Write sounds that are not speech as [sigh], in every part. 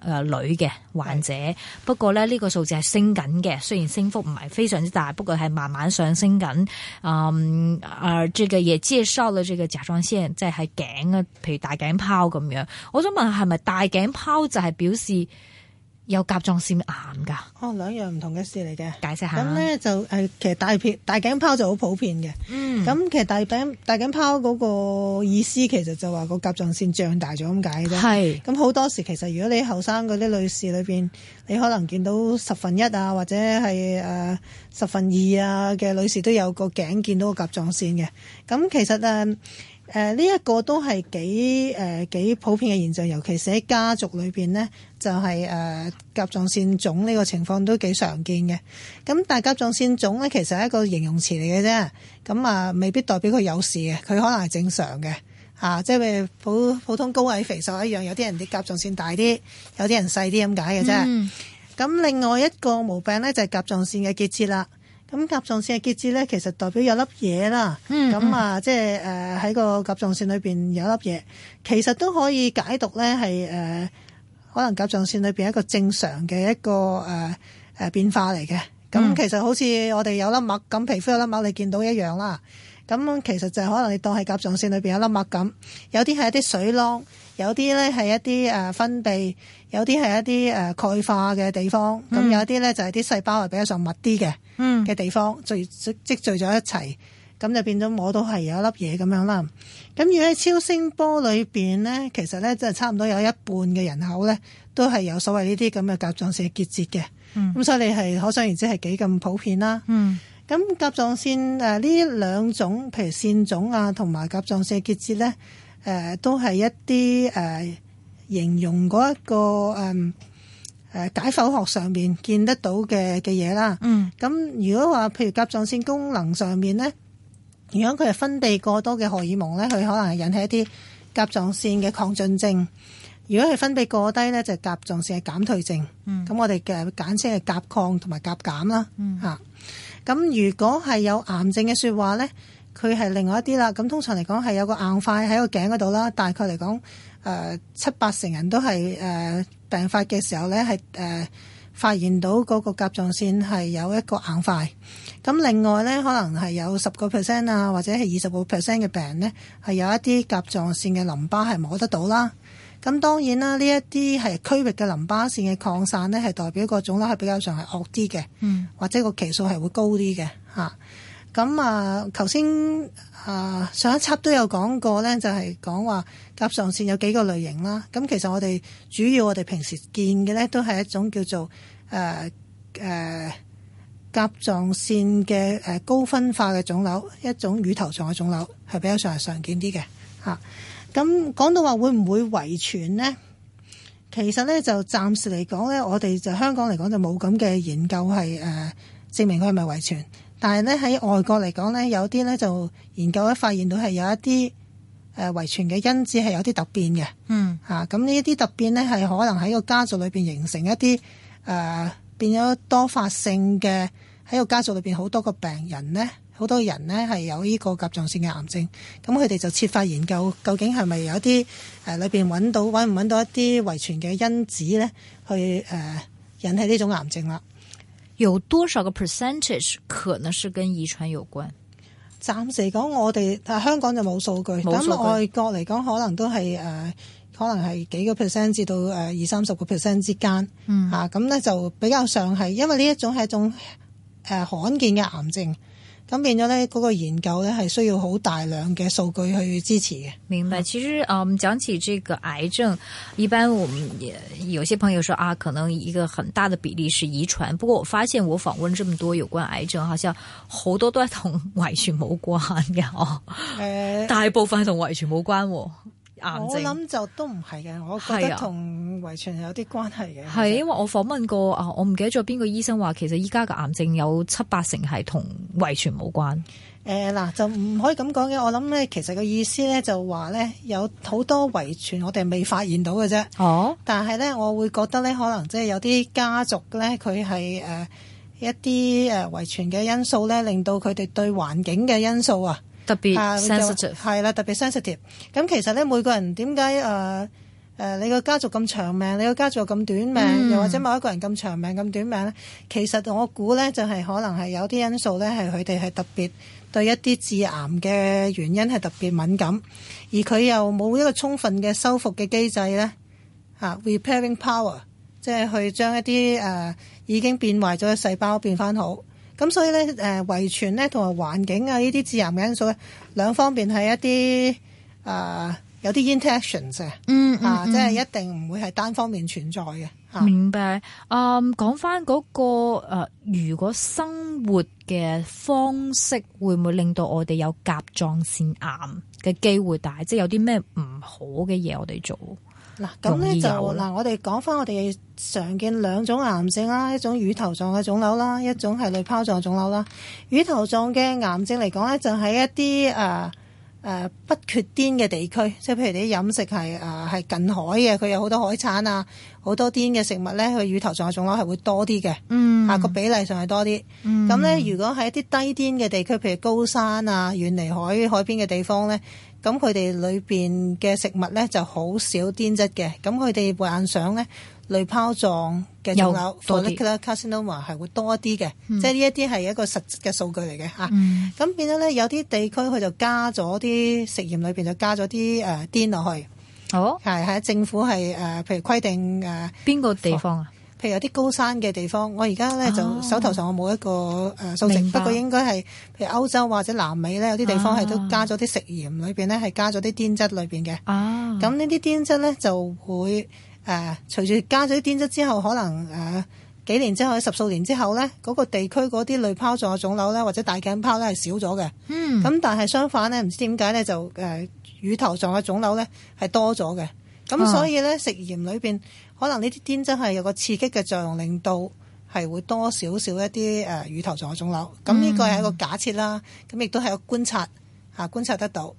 誒、呃，女嘅患者，是不過咧，呢個數字係升緊嘅，雖然升幅唔係非常之大，不過係慢慢上升緊。嗯，誒，這個也介紹了這個甲狀腺，即係頸啊，譬如大頸泡咁樣。我想問下係咪大頸泡就係表示？有甲狀腺癌㗎哦，兩樣唔同嘅事嚟嘅。解釋下咁咧就係其實大片大頸泡就好普遍嘅。嗯，咁其實大頸大頸泡嗰個意思其實就話個甲狀腺脹大咗咁解啫。係咁好多時其實如果你後生嗰啲女士裏邊，你可能見到十分一啊或者係誒、呃、十分二啊嘅女士都有個頸見到個甲狀腺嘅。咁、嗯、其實誒。呃誒呢一個都係幾誒幾普遍嘅現象，尤其是喺家族裏面呢，就係、是、誒、呃、甲狀腺腫呢個情況都幾常見嘅。咁但係甲狀腺腫呢，其實係一個形容詞嚟嘅啫，咁啊未必代表佢有事嘅，佢可能係正常嘅，啊即係譬如普普通高矮肥瘦一樣，有啲人啲甲狀腺大啲，有啲人細啲咁解嘅啫。咁、嗯、另外一個毛病呢，就係、是、甲狀腺嘅結節啦。咁甲狀腺嘅結節咧，其實代表有粒嘢啦。咁嗯嗯啊，即係誒喺個甲狀腺裏面有粒嘢，其實都可以解讀咧，係、呃、誒可能甲狀腺裏面一個正常嘅一個誒誒、呃、變化嚟嘅。咁、嗯、其實好似我哋有粒癦，咁，皮膚有粒癦，你見到一樣啦。咁其實就係可能你當係甲狀腺裏邊有粒物咁，有啲係一啲水囊，有啲咧係一啲誒分泌，有啲係一啲誒鈣化嘅地方，咁、嗯、有啲咧就係啲細胞係比較上密啲嘅嘅地方，嗯、聚積聚咗一齊，咁就變咗摸到係有一粒嘢咁樣啦。咁如果喺超聲波裏邊咧，其實咧就差唔多有一半嘅人口咧都係有所謂呢啲咁嘅甲狀腺結節嘅，咁、嗯、所以你係可想而知係幾咁普遍啦。嗯咁甲狀腺誒呢兩種，譬如腺腫啊，同埋甲狀腺結節咧，誒都係一啲誒形容嗰一個誒誒解剖學上面見得到嘅嘅嘢啦。嗯。咁如果話譬如甲狀腺功能上面咧，如果佢係分泌過多嘅荷爾蒙咧，佢可能係引起一啲甲狀腺嘅亢進症；如果係分泌過低咧，就係甲狀腺嘅減退症。嗯。咁我哋嘅簡稱係甲亢同埋甲減啦。嗯。嚇。咁如果係有癌症嘅說話呢，佢係另外一啲啦。咁通常嚟講係有個硬塊喺個頸嗰度啦。大概嚟講，誒、呃、七八成人都係誒、呃、病發嘅時候呢，係誒、呃、發現到嗰個甲狀腺係有一個硬塊。咁另外呢，可能係有十個 percent 啊，或者係二十個 percent 嘅病人呢，係有一啲甲狀腺嘅淋巴係摸得到啦。咁當然啦，呢一啲係區域嘅淋巴腺嘅擴散呢，係代表個腫瘤係比較上係惡啲嘅，嗯、或者個期數係會高啲嘅。咁啊，頭先啊，啊上一輯都有講過呢，就係、是、講話甲狀腺有幾個類型啦。咁、啊、其實我哋主要我哋平時見嘅呢，都係一種叫做誒誒、呃呃、甲狀腺嘅高分化嘅腫瘤，一種乳頭狀嘅腫瘤，係比較上係常見啲嘅。咁講到話會唔會遺傳呢？其實咧就暫時嚟講咧，我哋就香港嚟講就冇咁嘅研究係誒、呃、證明佢係咪遺傳。但係咧喺外國嚟講咧，有啲咧就研究咧發現到係有一啲誒遺傳嘅因子係有啲突變嘅。嗯。吓咁呢啲突變咧係可能喺個家族裏面形成一啲誒、呃、變咗多發性嘅，喺個家族裏面好多個病人咧。好多人呢係有呢個甲狀腺嘅癌症，咁佢哋就設法研究究竟係咪有啲誒裏邊揾到揾唔揾到一啲遺傳嘅因子呢去誒、呃、引起呢種癌症啦。有多少個 percentage 可能是跟遺傳有關？暫時嚟講，我哋香港就冇數據。咁外國嚟講、呃，可能都係誒，可能係幾個 percent 至到誒二三十個 percent 之間。嗯啊，咁呢就比較上係因為呢一種係一種誒罕見嘅癌症。咁變咗咧，嗰、那個研究咧係需要好大量嘅數據去支持嘅。明白，其實啊，我、嗯、們講起這個癌症，一般我們也有些朋友說啊，可能一個很大的比例是遺傳。不過，我發現我訪問這麼多有關癌症，好像好多都係同遺傳冇關嘅哦。呃、大部分同遺傳冇關喎。我諗就都唔係嘅，我覺得同遺傳係有啲關係嘅。係、啊，實因為我訪問過啊，我唔記得咗邊個醫生話，其實依家嘅癌症有七八成係同遺傳冇關。誒，嗱，就唔可以咁講嘅。我諗咧，其實個意思咧就話咧，有好多遺傳我哋未發現到嘅啫。哦、啊。但係咧，我會覺得咧，可能即係有啲家族咧，佢係誒一啲誒遺傳嘅因素咧，令到佢哋對環境嘅因素啊。特別啊，係啦、啊，特別 sensitive。咁其實咧，每個人點解誒誒，你個家族咁長命，你個家族咁短命，嗯、又或者某一個人咁長命、咁短命咧？其實我估咧，就係、是、可能係有啲因素咧，係佢哋係特別對一啲致癌嘅原因係特別敏感，而佢又冇一個充分嘅修復嘅機制咧嚇、啊、repairing power，即係去將一啲誒、呃、已經變壞咗嘅細胞變翻好。咁所以咧，誒遺傳咧同埋環境啊，呢啲致癌因素咧，兩方面係一啲誒、呃、有啲 interaction 嘅、嗯，嗯，嗯啊，即係一定唔會係單方面存在嘅。明白。嗯，講翻嗰個、呃、如果生活嘅方式會唔會令到我哋有甲狀腺癌嘅機會大？即係有啲咩唔好嘅嘢我哋做？嗱，咁咧就嗱，我哋講翻我哋常見兩種癌症啦，一種乳頭狀嘅腫瘤啦，一種係濾泡狀腫瘤啦。乳頭狀嘅癌症嚟講咧，就喺、是、一啲誒誒不缺碘嘅地區，即係譬如你飲食係誒係近海嘅，佢有好多海產啊，好多碘嘅食物咧，佢乳頭狀嘅腫瘤係會多啲嘅，啊、嗯、個比例上係多啲。咁咧、嗯，如果喺一啲低碘嘅地區，譬如高山啊、遠離海海邊嘅地方咧。咁佢哋裏面嘅食物咧就好少碘質嘅，咁佢哋患上咧濾泡狀嘅仲有多啲啦，Carcinoma 係會多一啲嘅，嗯、即係呢一啲係一個實質嘅數據嚟嘅嚇。咁、嗯啊、變咗咧，有啲地區佢就加咗啲食鹽裏面，就加咗啲誒碘落去。哦，係係政府係、呃、譬如規定誒邊、呃、個地方啊？譬如有啲高山嘅地方，我而家咧就手頭上我冇一個誒數值，啊呃、不過應該係譬如歐洲或者南美咧，有啲地方係都加咗啲食鹽裏面咧，係加咗啲碘質裏面嘅。咁、啊、呢啲碘質咧就會誒、呃、隨住加咗啲碘質之後，可能誒、呃、幾年之後、十數年之後咧，嗰、那個地區嗰啲濾泡狀嘅腫瘤咧，或者大頸泡咧係少咗嘅。咁、嗯、但係相反咧，唔知點解咧就誒乳、呃、頭狀嘅腫瘤咧係多咗嘅。咁所以咧、哦、食鹽裏面可能呢啲碘真係有個刺激嘅作用，令到係會多少少一啲誒、呃、乳頭狀嘅腫瘤。咁呢個係一個假設啦，咁亦都係個觀察嚇、啊、觀察得到。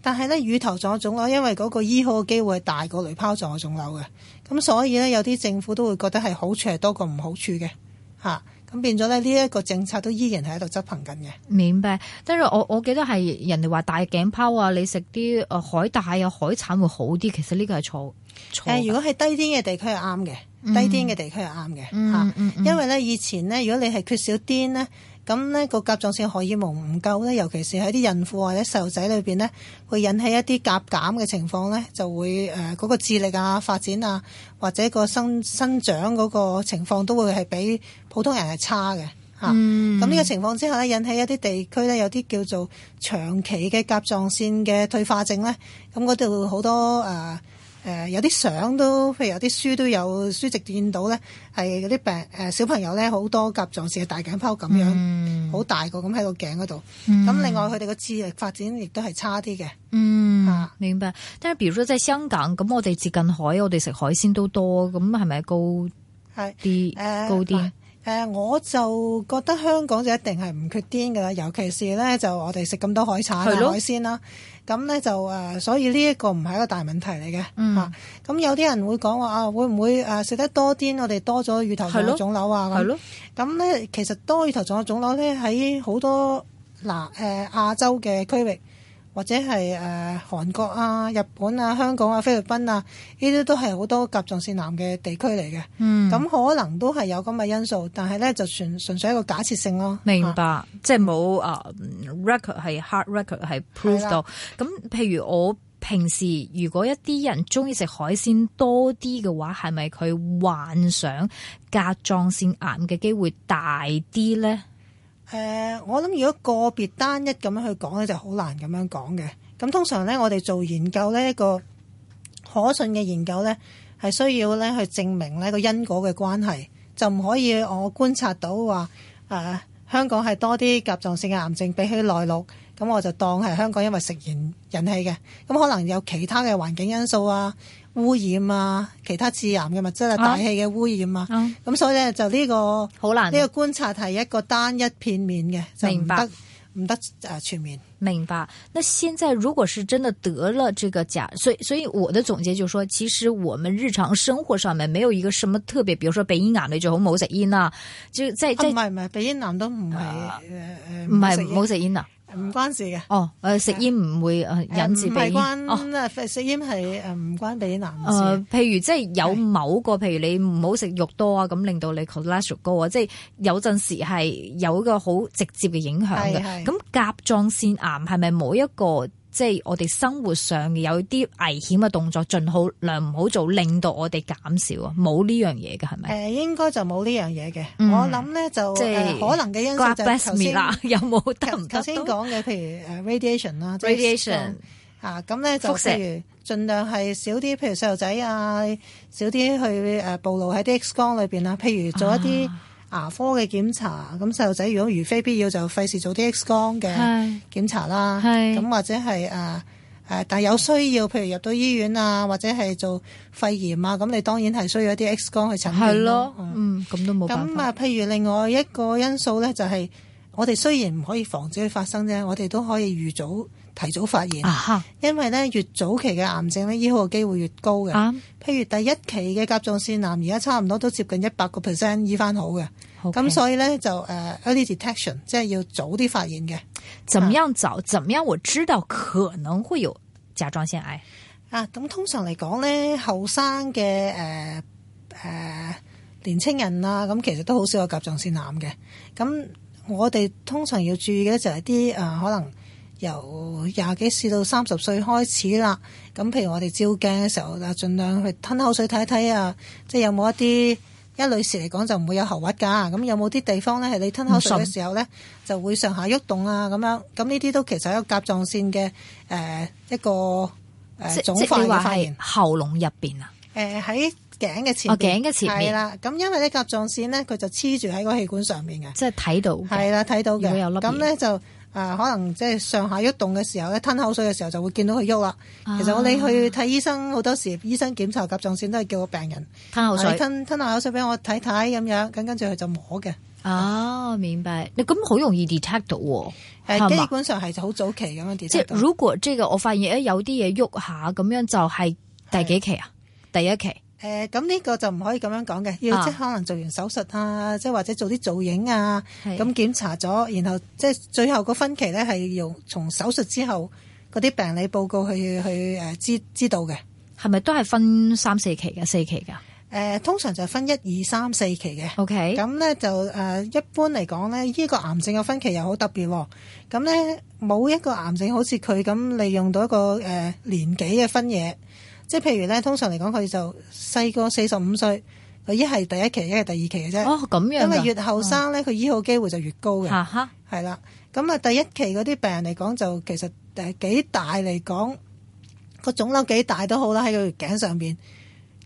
但係咧乳頭狀腫瘤，因為嗰個醫好嘅機會係大過濾泡狀嘅腫瘤嘅，咁所以咧有啲政府都會覺得係好處係多過唔好處嘅。咁、啊、變咗咧，呢、這、一個政策都依然喺度執行緊嘅。明白，但係我我記得係人哋話大頸泡啊，你食啲海帶啊、海產會好啲。其實呢個係錯，錯、呃、如果係低碘嘅地區係啱嘅，嗯、低碘嘅地區係啱嘅。因為咧以前咧，如果你係缺少碘咧。咁呢個甲狀腺荷爾蒙唔夠呢，尤其是喺啲孕婦或者細路仔裏面，呢會引起一啲甲減嘅情況呢就會誒、嗰、呃嗰個智力啊發展啊，或者個生生長嗰個情況都會係比普通人係差嘅，吓，咁呢個情況之下呢引起一啲地區呢有啲叫做長期嘅甲狀腺嘅退化症呢，咁嗰度好多誒。呃誒、呃、有啲相都，譬如有啲書都有書籍見到咧，係嗰啲病誒、呃、小朋友咧，好多甲狀腺嘅大頸泡咁樣，好、嗯、大個咁喺個頸嗰度。咁、嗯、另外佢哋個智力發展亦都係差啲嘅。嗯，啊、明白。但係，比如即係香港咁，我哋接近海，我哋食海鮮都多，咁係咪高啲、呃、高啲？呃高誒、呃、我就覺得香港就一定係唔缺碘嘅啦，尤其是咧就我哋食咁多海產的海鮮啦，咁咧就誒、呃，所以呢一個唔係一個大問題嚟嘅嚇。咁、嗯啊、有啲人會講話啊，會唔會誒食、呃、得多碘？我哋多咗乳頭狀嘅腫瘤啊？咁咧其實多乳頭狀嘅腫瘤咧喺好多嗱誒、呃、亞洲嘅區域。或者係誒、呃、韓國啊、日本啊、香港啊、菲律賓啊，呢啲都係好多甲狀腺癌嘅地區嚟嘅。嗯，咁可能都係有咁嘅因素，但係咧就純純粹一個假設性咯。明白，啊、即係冇啊 record 係 hard record 係 prove 到。咁的譬如我平時如果一啲人鍾意食海鮮多啲嘅話，係咪佢幻想甲狀腺癌嘅機會大啲咧？誒、呃，我諗如果個別單一咁樣去講呢，就好難咁樣講嘅。咁通常呢，我哋做研究呢，一個可信嘅研究呢，係需要呢去證明呢個因果嘅關係，就唔可以我觀察到話誒、呃、香港係多啲甲狀腺嘅癌症比起內陸，咁我就當係香港因為食鹽引起嘅，咁可能有其他嘅環境因素啊。污染啊，其他致癌嘅物質啊，大氣嘅污染啊，咁、啊、所以咧就呢、這個好難呢個觀察係一個單一片面嘅，明白？唔得誒、呃、全面。明白。那現在如果是真的得了這個甲，所以所以我的總結就是說，其實我們日常生活上面沒有一個什麼特別，比如說鼻咽癌，你就好冇食煙啊。即係即係唔係唔係鼻咽癌都唔係誒誒，唔係冇食煙啊。呃唔關事嘅。哦，呃、食煙唔會誒引致鼻，唔、呃哦、食煙係誒唔關鼻咽癌。誒、呃，譬如即係有某個，譬如你唔好食肉多啊，咁的令到你 cholesterol 高啊，即係有陣時係有個好直接嘅影響嘅。咁的甲狀腺癌係咪冇一個？即係我哋生活上有啲危險嘅動作，盡好量唔好做，令到我哋減少啊。冇呢樣嘢嘅係咪？誒、呃，應該就冇呢樣嘢嘅。嗯、我諗咧就即係可能嘅因素就係頭先有冇得唔？頭先講嘅，譬如 radiation 啦，radiation 咁咧 Radiation、啊、就譬如儘量係少啲，譬如細路仔啊，少啲去暴露喺啲 X 光裏面啊。譬如做一啲。啊牙科嘅檢查，咁細路仔如果如非必要就費事做啲 X 光嘅檢查啦，咁是或者係誒誒，但有需要，譬如入到醫院啊，或者係做肺炎啊，咁你當然係需要一啲 X 光去診斷咯。的嗯，咁都冇。咁啊，譬如另外一個因素呢，就係、是、我哋雖然唔可以防止佢發生啫，我哋都可以預早。提早發現，啊、哈因為咧越早期嘅癌症咧，醫好嘅機會越高嘅。啊、譬如第一期嘅甲狀腺癌，而家差唔多都接近一百個 percent 醫翻好嘅。咁 Okay。所以咧就誒、uh, early detection，即係要早啲發現嘅。怎麼樣早？啊、怎麼樣我知道可能會有甲狀腺癌啊？咁、嗯、通常嚟講咧，後生嘅誒、呃呃、年青人啦、啊，咁、嗯、其實都好少有甲狀腺癌嘅。咁、嗯、我哋通常要注意嘅就係啲誒可能。由廿幾歲到三十歲開始啦，咁譬如我哋照鏡嘅時候，就盡量去吞口水睇睇啊，即係有冇一啲一女士嚟講就唔會有喉核㗎，咁有冇啲地方咧係你吞口水嘅時候咧信就會上下喐動，動啊咁咁呢啲都其實有甲狀腺嘅誒、呃、一個誒、呃、即總化發現喉嚨入面，、呃、面啊？誒喺頸嘅前面，頸嘅前邊係啦。咁因為咧甲狀腺咧佢就黐住喺個氣管上面嘅，即係睇到係啦，睇到嘅。咁咧就。啊，可能即係上下喐動嘅時候咧，吞口水嘅時候就會見到佢喐啦。啊、其實我哋去睇醫生好多時，醫生檢查甲狀腺都係叫個病人吞口水，啊、吞吞下口水俾我睇睇咁樣，跟跟住佢就摸嘅。哦、啊，啊、明白。你咁好容易 detect 到喎、啊？嗎基本上係好早期咁樣 detect 即係是到如果即係我發現咧有啲嘢喐下，咁樣就係第幾期啊？的第一期。誒，咁呢、呃呢個就唔可以咁樣講嘅，要即係、啊、可能做完手術啊，即係或者做啲造影啊，咁是檢查咗，然後即係最後個分期咧，係要從手術之後嗰啲病理報告去去誒知知道嘅，係咪都係分三四期嘅，四期噶？誒、呃，通常就係分一二三四期嘅。O K，咁咧就誒、呃、一般嚟講咧，呢、呢個癌症嘅分期又好特別，咁咧冇一個癌症好似佢咁利用到一個誒、呃、年紀嘅分嘢。即係譬如咧，通常嚟講佢就細過四十五歲，佢一係第一期，一係第二期嘅啫。哦，咁樣，因為越後生咧，佢、嗯、醫好機會就越高嘅。吓吓、啊哈，係啦。咁、嗯、啊，第一期嗰啲病人嚟講，就其實誒幾、呃、大嚟講個腫瘤幾大都好啦，喺個頸上邊。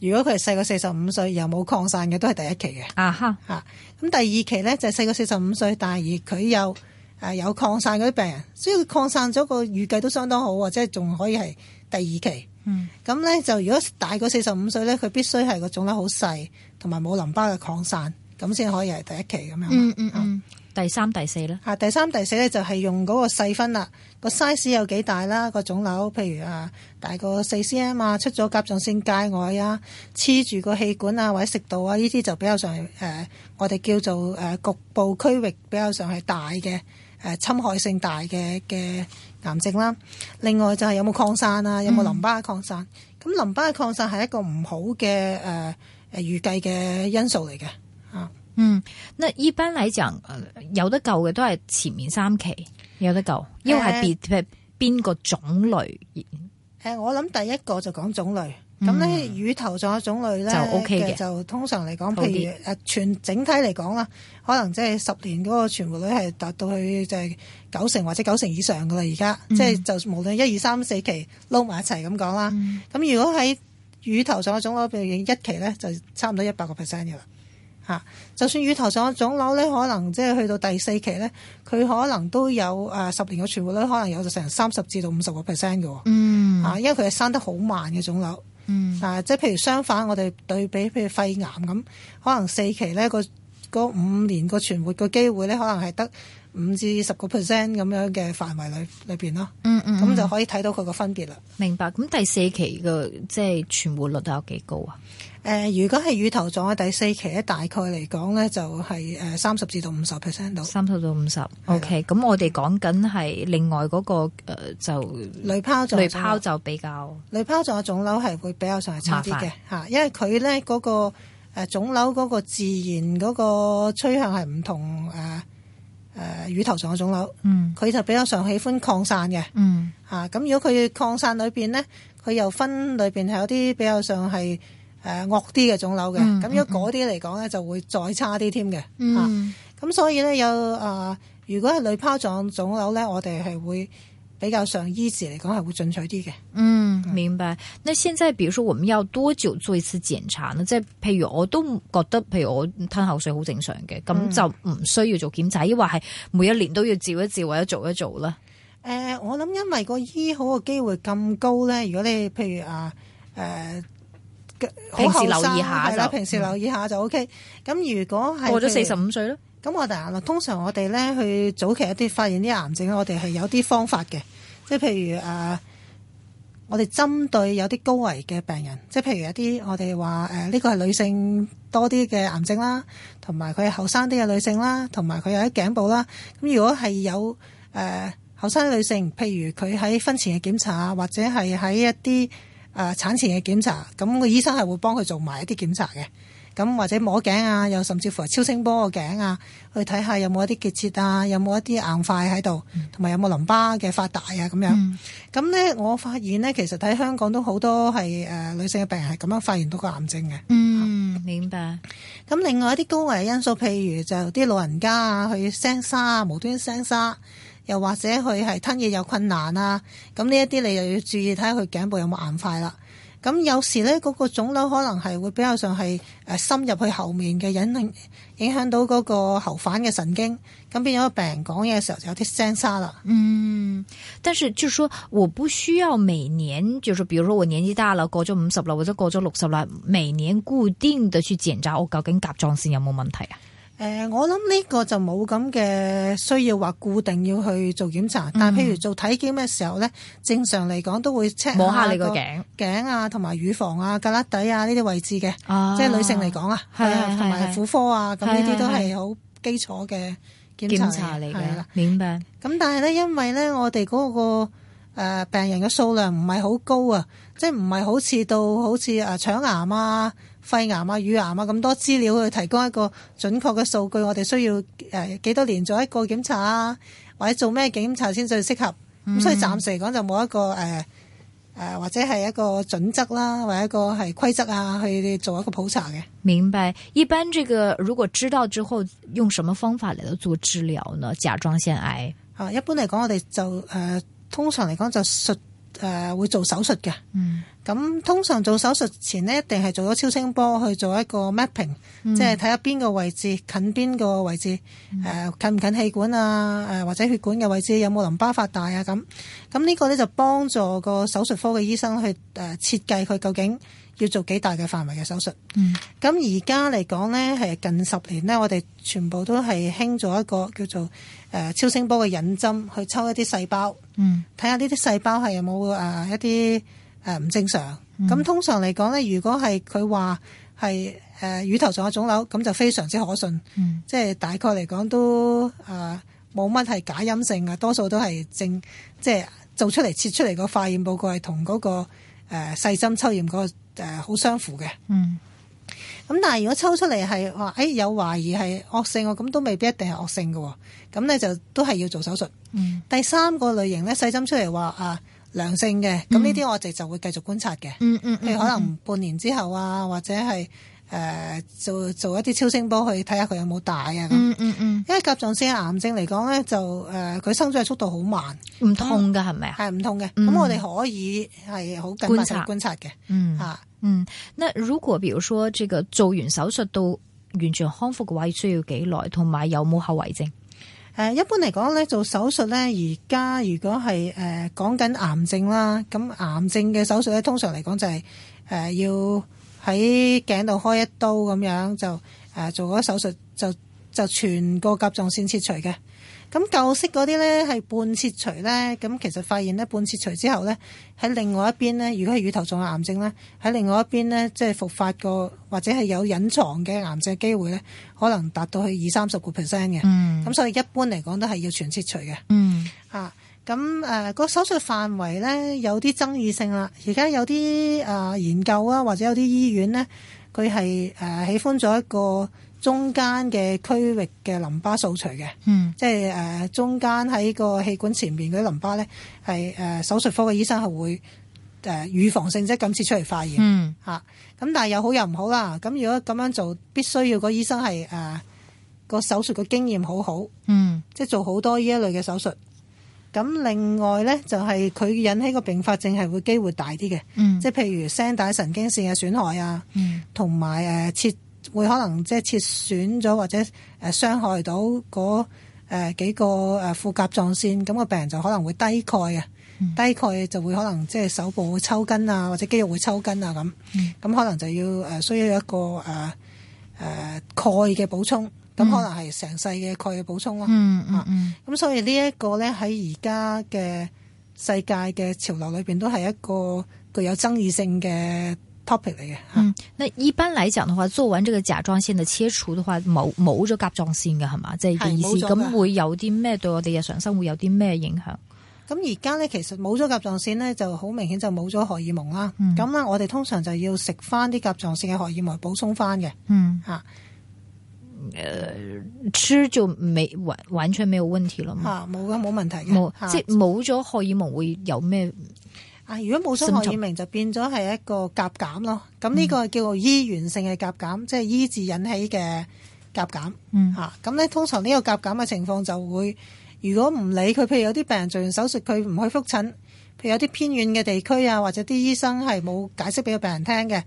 如果佢係細過四十五歲又冇擴散嘅，都係第一期嘅。啊吓哈咁、嗯、第二期咧就係、是、細過四十五歲，但係而佢又。誒、呃、有擴散嗰啲病人，所以擴散咗個預計都相當好，即係仲可以係第二期。咁、嗯、呢，就如果大過四十五歲呢，佢必須係個腫瘤好細，同埋冇淋巴嘅擴散，咁先可以係第一期咁樣、嗯。嗯嗯嗯，嗯第三第四呢，啊、第三第四呢，就係、是、用嗰個細分啦，個 size 有幾大啦、那個腫瘤，譬如啊大過四 cm 啊，出咗甲狀腺界外啊，黐住個氣管啊或者食道啊，呢啲就比較上誒、啊、我哋叫做誒、啊、局部區域比較上係大嘅。誒侵害性大嘅嘅癌症啦，另外就係有冇擴散啦，有冇淋巴嘅擴散？咁淋巴嘅擴散係、嗯、一個唔好嘅誒誒預計嘅因素嚟嘅。啊，嗯，那依班嚟人有得救嘅都係前面三期有得救，要係別邊個種類？誒、呃，我諗第一個就講種類。咁咧，嗯、乳頭狀嘅種類咧嘅就、OK、就通常嚟講，譬如誒全整體嚟講啦，可能即係十年嗰個存活率係達到去就係九成或者九成以上噶啦。而家、嗯、即係就無論一二三四期撈埋一齊咁講啦。咁、嗯、如果喺乳頭狀嘅腫瘤，譬如一期咧，就差唔多一百個 percent 嘅啦。就算乳頭狀嘅腫瘤咧，可能即係去到第四期咧，佢可能都有誒、啊、十年嘅存活率，可能有成三十至到五十個 percent 嘅。嗯、啊。因為佢係生得好慢嘅腫瘤。但係、嗯啊，即係譬如相反，我哋對比譬如肺癌咁，可能四期咧個，個五年個存活個機會咧，可能係得五至十個 percent 咁樣嘅範圍裏裏邊咯。嗯嗯，咁就可以睇到佢個分別啦。明白。咁第四期個即係存活率有幾高啊？誒、呃，如果係乳頭狀嘅第四期咧，大概嚟講咧就係誒三十至到五十 percent 度，三十到五十。OK，咁我哋講緊係另外嗰、那個誒、呃、就濾泡狀，濾泡就比較濾泡狀嘅腫瘤係會比較上係差啲嘅吓，因為佢咧嗰個誒腫瘤嗰個自然嗰個趨向係唔同誒誒乳頭狀嘅腫瘤，嗯，佢就比較上喜歡擴散嘅，嗯吓。咁如果佢擴散裏邊咧，佢又分裏邊係有啲比較上係。誒惡啲嘅腫瘤嘅，咁、嗯、果嗰啲嚟講咧、嗯、就會再差啲添嘅。嚇、嗯，咁、啊、所以咧有啊、呃，如果係濾泡狀腫瘤咧，我哋係會比較上醫治嚟講係會進取啲嘅。嗯，嗯明白。那現在，比如說我們要多久做一次檢查呢？係、就是、譬如我都覺得，譬如我吞口水好正常嘅，咁就唔需要做檢查，抑或係每一年都要照一照或者做一做啦。誒、呃，我諗因為個醫好嘅機會咁高咧，如果你譬如啊、呃平時，平時留意下就，平時留意下就 O K。咁如果係過咗四十五歲咯，咁我哋通常我哋咧去早期一啲發現啲癌症我哋係有啲方法嘅，即係譬如誒、呃，我哋針對有啲高危嘅病人，即係譬如一啲我哋話誒呢個係女性多啲嘅癌症啦，同埋佢係後生啲嘅女性啦，同埋佢有啲頸部啦。咁如果係有誒後生女性，譬如佢喺婚前嘅檢查或者係喺一啲。誒產前嘅檢查，咁個醫生係會幫佢做埋一啲檢查嘅，咁或者摸頸啊，又甚至乎係超聲波個頸啊，去睇下有冇一啲結節啊，有冇一啲硬塊喺度，同埋有冇淋巴嘅發大啊咁樣。咁咧，我發現咧，其實喺香港都好多係誒女性嘅病人係咁樣發現到個癌症嘅。嗯，明白。咁另外一啲高危因素，譬如就啲老人家啊，去聲沙無端聲沙。又或者佢係吞嘢有困難啊，咁呢一啲你又要注意睇下佢頸部有冇硬塊啦。咁有時咧，嗰個腫瘤可能係會比較上係誒深入去後面嘅，影響影響到嗰個喉返嘅神經，咁變咗個病人講嘢嘅時候就有啲聲沙啦。嗯，但係就是說，我不需要每年，就是，比如說我年紀大啦，過咗五十啦，或者過咗六十啦，每年固定地去檢查我究竟甲狀腺有冇問題啊？誒，我諗呢個就冇咁嘅需要話固定要去做檢查，但係譬如做體檢嘅時候咧，正常嚟講都會 check 摸下你個頸、頸啊，同埋乳房啊、旮旯底啊呢啲位置嘅，即係女性嚟講啊，同埋婦科啊，咁呢啲都係好基礎嘅檢查嚟嘅。明白。咁但係咧，因為咧，我哋嗰個誒病人嘅數量唔係好高啊，即係唔係好似到好似誒腸癌啊。肺癌啊、乳癌啊咁多資料去提供一個準確嘅數據，我哋需要誒、呃、幾多年做一個檢查啊，或者做咩檢查先最適合？咁、嗯、所以暫時嚟講就冇一個誒誒、呃呃、或者係一個準則啦，或者一個係規則啊去做一個普查嘅。明白。一般呢個如果知道之後，用什麼方法嚟到做治療呢？甲狀腺癌啊，一般嚟講我哋就誒、呃、通常嚟講就術誒、呃、會做手術嘅。嗯。咁通常做手術前呢，一定係做咗超聲波去做一個 mapping，嗯、即係睇下邊個位置近邊個位置，近唔、嗯呃、近氣管啊、呃、或者血管嘅位置有冇淋巴發大啊，咁咁呢個呢，就幫助個手術科嘅醫生去誒設計佢究竟要做幾大嘅範圍嘅手術。咁而家嚟講呢，係近十年呢，我哋全部都係興咗一個叫做、呃、超聲波嘅引針去抽一啲細胞，睇下呢啲細胞係有冇誒、呃、一啲誒唔、呃、正常，咁、嗯、通常嚟講咧，如果係佢話係誒乳頭上嘅腫瘤，咁就非常之可信，即係、嗯、大概嚟講都誒冇乜係假陰性啊，多數都係正，即、就、係、是、做出嚟切出嚟個化驗報告係同嗰個誒細針抽驗嗰個誒好相符嘅。嗯，咁但係如果抽出嚟係話誒有懷疑係惡性喎，咁都未必一定係惡性嘅喎，咁咧就都係要做手術。嗯，第三個類型咧細針出嚟話啊，良性嘅，咁呢啲我哋就會繼續觀察嘅。嗯嗯，譬如可能半年之後啊，嗯嗯、或者係誒、呃、做做一啲超聲波去睇下佢有冇大啊。嗯嗯嗯。嗯嗯因為甲狀腺癌症嚟講咧，就誒佢、呃、生長嘅速度好慢，唔痛噶係咪啊？係唔痛嘅。咁、嗯、我哋可以係好觀察觀察嘅。是嗯。吓，嗯，那如果比如說這個做完手術到完全康復嘅話，要需要幾耐？同埋有冇後遺症？Uh, 一般嚟講咧，做手術咧，而家如果係誒講緊癌症啦，咁癌症嘅手術咧，通常嚟講就係誒要喺頸度開一刀咁樣就誒做嗰手術，就就全個甲狀腺切除嘅。咁舊式嗰啲咧係半切除咧，咁其實發現咧半切除之後咧，喺另外一邊咧，如果係乳頭狀癌症咧，喺另外一邊咧，即係復發過或者係有隱藏嘅癌症機會咧，可能達到去二三十個 percent 嘅。咁、嗯、所以一般嚟講都係要全切除嘅。咁誒、嗯啊呃那個手術範圍咧有啲爭議性啦。而家有啲誒、呃、研究啊，或者有啲醫院咧，佢係誒喜歡咗一個，中間嘅區域嘅淋巴掃除嘅，嗯、即係誒、呃、中間喺個氣管前面嘅啲淋巴咧，係誒、呃、手術科嘅醫生係會誒預、呃、防性即係咁切出嚟化驗嚇。咁、嗯啊、但係又好又唔好啦。咁如果咁樣做，必須要個醫生係誒個手術嘅經驗好好，嗯，即係做好多呢一類嘅手術。咁另外咧就係、是、佢引起個併發症係會機會大啲嘅，嗯，即係譬如聲帶神經線嘅損害啊，同埋誒切。會可能即係切損咗或者誒傷害到嗰誒幾個副甲狀腺，咁、個病人就可能會低鈣、嗯、低鈣就會可能即係手部會抽筋啊，或者肌肉會抽筋啊咁。咁、嗯、可能就要誒需要一個誒誒、呃、鈣嘅補充，咁可能係成世嘅鈣嘅補充咯、啊嗯。嗯嗯嗯。咁、啊、所以呢一個咧喺而家嘅世界嘅潮流裏面，都係一個具有爭議性嘅 topic 嚟嘅，嗯，那一般嚟講嘅話，做完這個甲狀腺嘅切除嘅話，冇冇咗甲狀腺嘅係嘛？即係件事。咁、就是、會有啲咩對我哋日常生活有啲咩影響？咁而家咧，其實冇咗甲狀腺咧，就好明顯就冇咗荷爾蒙啦。咁啦、嗯，我哋通常就要食翻啲甲狀腺嘅荷爾蒙補充翻嘅。嗯，吓、啊，誒、呃，吃就沒完完全沒有問題了嗎？冇冇、啊、問題沒、啊、即係冇咗荷爾蒙會有咩？啊！如果冇咗荷爾蒙，就變咗係一個甲減咯。咁呢、嗯、個叫做醫源性嘅甲減，即、就、係、是、醫治引起嘅甲減。嗯，咁咧、啊，通常呢個甲減嘅情況就會，如果唔理佢，譬如有啲病人做完手術佢唔去覆診，譬如有啲偏遠嘅地區啊，或者啲醫生係冇解釋俾個病人聽嘅，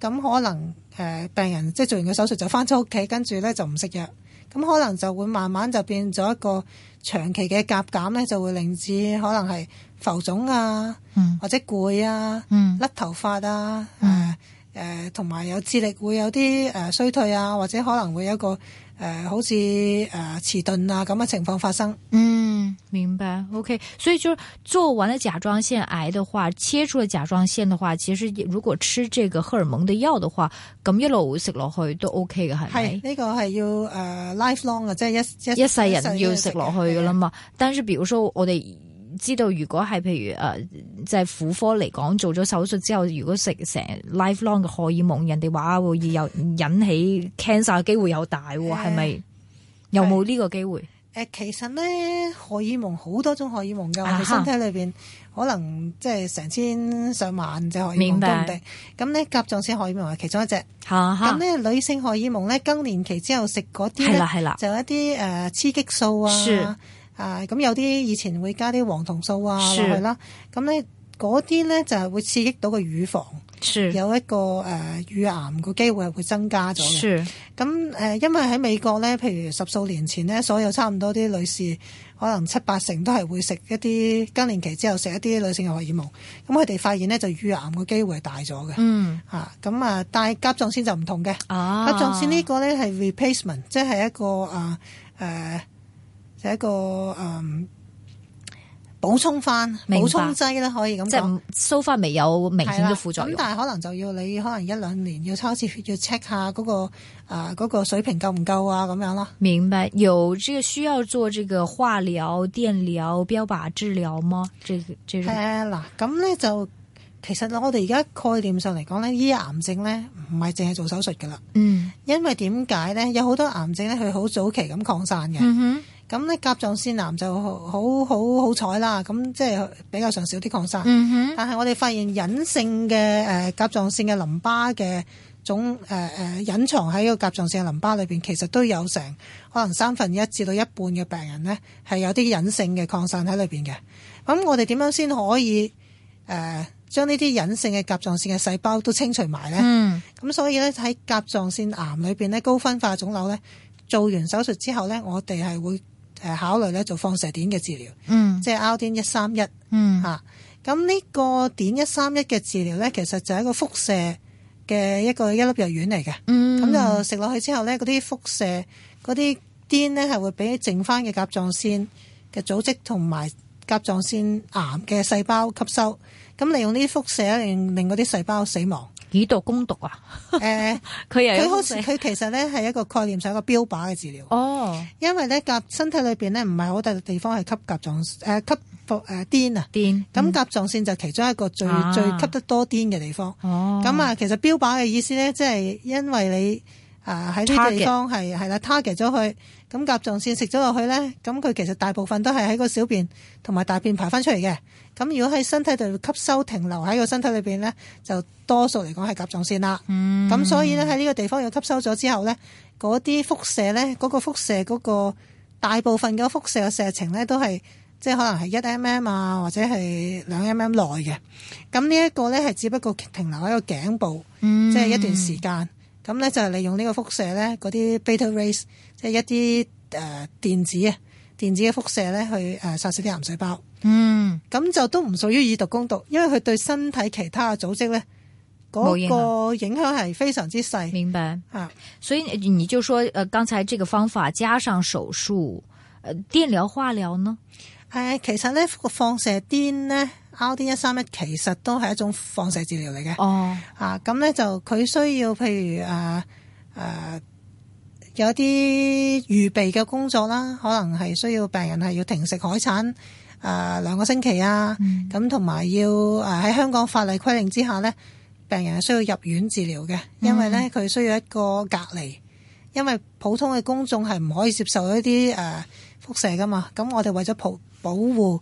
咁可能誒、呃、病人即係、就是、做完個手術就返咗屋企，跟住咧就唔食藥，咁可能就會慢慢就變咗一個長期嘅甲減咧，就會令至可能係。浮腫啊，嗯、或者攰啊，甩、嗯、頭髮啊，誒誒、嗯，同埋、呃、有智力會有啲誒衰退啊，或者可能會有一個誒、呃、好似誒遲鈍啊咁嘅情況發生。嗯，明白。OK，所以就做完咗甲狀腺癌嘅話，切除咗甲狀腺嘅話，其實如果吃這個荷爾蒙嘅藥嘅話，咁一路食落去都 OK 嘅，係咪？係呢個係要誒、uh, lifelong 啊，即係一一世人要食落去噶啦嘛。但是，比如說我哋。知道如果係譬如誒，即係婦科嚟講，做咗手術之後，如果食成 lifelong 嘅荷爾蒙，人哋話會有引起 cancer 嘅機會有大喎，係咪、呃？有冇呢個機會？誒、呃，其實咧荷爾蒙好多種荷爾蒙㗎，喺身體裏邊、啊、哈可能即係成千上萬隻荷爾蒙白都得。咁咧甲狀腺荷爾蒙係其中一隻。嚇嚇、啊哈。咁咧女性荷爾蒙咧更年期之後食嗰啲咧係啦係啦，啦就一啲誒、呃、雌激素啊。啊，咁有啲以前會加啲黃酮素啊落去啦，咁咧嗰啲咧就係會刺激到個乳房，是有一個誒、呃、乳癌個機會係會增加咗嘅。咁誒是、啊，因為喺美國咧，譬如十數年前咧，所有差唔多啲女士可能七八成都係會食一啲更年期之後食一啲女性荷爾蒙，咁佢哋發現咧就乳癌個機會係大咗嘅。嗯，嚇，咁啊，但係甲狀腺就唔同嘅。啊、甲狀腺個呢個咧係 replacement，即係一個啊、呃呃就一個誒補、嗯、充翻補白充劑咧，可以咁即係收翻未有明顯嘅副作用。咁但係可能就要你可能一兩年要抽次血要 check 下嗰、那個誒嗰、呃那個水平夠唔夠啊？咁樣咯。明白有這個需要做這個化療、電療、標靶治療嗎？這個、這種、個、嗱，咁咧、啊、就其實我哋而家概念上嚟講咧，呢啲、這個、癌症咧唔係淨係做手術噶啦，嗯，因為點解咧？有好多癌症咧，佢好早期咁擴散嘅。嗯哼。咁咧，甲狀腺癌就好好好彩啦。咁即係比較上少啲擴散。嗯、哼但係我哋發現隱性嘅誒、呃、甲狀腺嘅淋巴嘅腫誒誒隱藏喺個甲狀腺嘅淋巴裏面，其實都有成可能三分一至到一半嘅病人呢，係有啲隱性嘅擴散喺裏面嘅。咁我哋點樣先可以誒、呃、將呢啲隱性嘅甲狀腺嘅細胞都清除埋呢？咁、嗯、所以呢，喺甲狀腺癌裏邊呢，高分化腫瘤呢，做完手術之後呢，我哋係會誒考慮咧做放射碘嘅治療，嗯、即係 iodine 一三一吓。咁呢個碘一三一嘅治療咧，其實就係一個輻射嘅一個一粒藥丸嚟嘅。咁、嗯、就食落去之後咧，嗰啲輻射嗰啲碘咧係會俾剩翻嘅甲狀腺嘅組織同埋甲狀腺癌嘅細胞吸收。咁利用呢啲輻射令令嗰啲細胞死亡。以毒攻毒啊！誒， [laughs] 佢佢好似佢其實咧係一個概念，係一個標靶嘅治療。哦，因為咧甲身體裏邊咧唔係好大地方係吸甲狀誒、呃、吸誒碘啊碘。咁癲、嗯、甲狀腺就其中一個最、啊、最吸得多碘嘅地方。哦，咁啊、嗯，其實標靶嘅意思咧，即係因為你啊喺呢啲地方係係啦，target 咗去。咁甲狀腺食咗落去呢，咁佢其實大部分都係喺個小便同埋大便排翻出嚟嘅。咁如果喺身體度吸收停留喺個身體裏面呢，就多數嚟講係甲狀腺啦。咁、嗯、所以呢，喺呢個地方又吸收咗之後呢，嗰啲輻射呢，嗰、嗰個輻射嗰個大部分嘅輻射嘅射程呢，都係即係可能係一 mm 啊，或者係兩 mm 內嘅。咁呢一個呢，係只不過停留喺個頸部，即係、嗯、一段時間。咁呢，就係、是、利用呢個輻射呢，嗰啲 beta rays 即係一啲誒電子啊，電子嘅輻射咧去誒殺、呃、死啲癌細胞。嗯，咁就都唔屬於以毒攻毒，因為佢對身體其他嘅組織咧、嗰個影響係非常之細。明白吓，啊、所以你就說，誒、呃、剛才這個方法加上手術、呃、電療、化療呢？誒、呃，其實咧個放射碘咧，R D 一三一，其實都係一種放射治療嚟嘅。哦，啊，咁咧就佢需要譬如誒誒。呃呃有啲預備嘅工作啦，可能係需要病人係要停食海產啊、呃、兩個星期啊，咁同埋要啊喺、呃、香港法例規定之下呢，病人係需要入院治療嘅，因為呢，佢、嗯、需要一個隔離，因為普通嘅公眾係唔可以接受一啲誒、呃、輻射㗎嘛，咁我哋為咗保護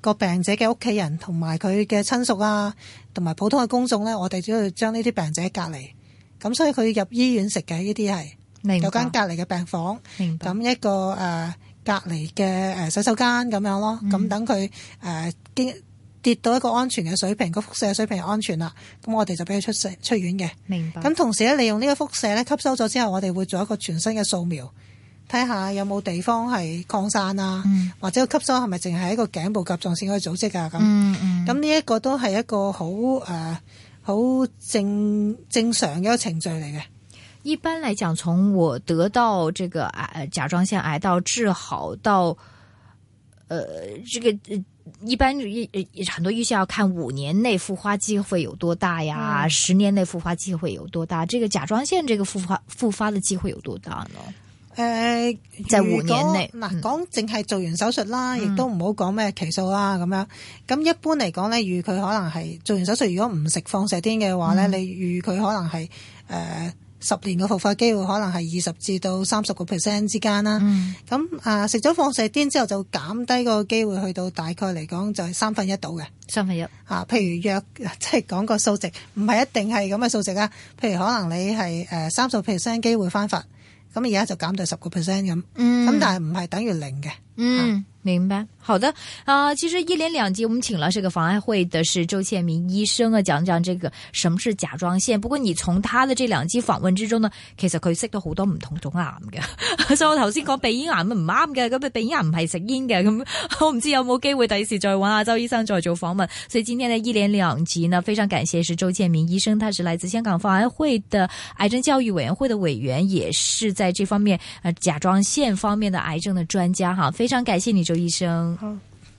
個病者嘅屋企人同埋佢嘅親屬啊，同埋普通嘅公眾呢，我哋只要將呢啲病者隔離，咁所以佢入醫院食嘅呢啲係。明白有間隔離嘅病房，咁白一個誒、呃、隔離嘅誒洗手間咁樣咯，咁等佢誒跌跌到一個安全嘅水平，個輻射水平安全啦，咁我哋就俾佢出出院嘅。明白。咁同時咧，利用個輻呢個輻射咧吸收咗之後，我哋會做一個全身嘅掃描，睇下有冇地方係擴散啦、啊，嗯、或者個吸收係咪淨係一個頸部甲狀腺去組織啊？咁，咁呢、嗯嗯、一個都係、呃、一個好誒好正正常嘅程序嚟嘅。一般來講，從我得到這個甲狀腺癌到治好到，呃，這個、呃、一般預很多預要看五年內復發機會有多大呀？嗯、十年內復發機會有多大？這個甲狀腺這個復發復發的機會有多大呢？誒、呃，就五年內嗱、呃嗯，講淨係做完手術啦，亦都唔好講咩期數啦咁、嗯、樣。咁一般嚟講咧，預佢可能係做完手術，如果唔食放射碘嘅話咧，嗯、你預佢可能係誒。呃十年嘅復發機會可能係二十至到三十個 percent 之間啦。咁啊、嗯呃，食咗放射碘之後就減低個機會，去到大概嚟講就係三分一度嘅三分一。啊，譬如約即係講個數值，唔係一定係咁嘅數值啊。譬如可能你係誒三十 percent 機會翻發，咁而家就減到十個 percent 咁。咁、嗯、但係唔係等於零嘅。嗯啊明白，好的啊、呃。其實一連兩集我們請了這個防癌會的是周倩明醫生啊，講講這個什麼是甲狀腺。不過你從他的這兩集訪問之中呢，其實佢識到好多唔同種癌嘅。 [laughs] 所以我頭先講鼻咽癌咪唔啱嘅，咁鼻咽癌唔係食煙嘅，咁、嗯、我唔知有冇機會第時再揾阿周醫生再做訪問。所以今天呢一連兩集呢，非常感謝是周倩明醫生，他是來自香港防癌會的癌症教育委員會的委員，也是在這方面呃甲狀腺方面的癌症的專家哈。非常感謝你。醫生。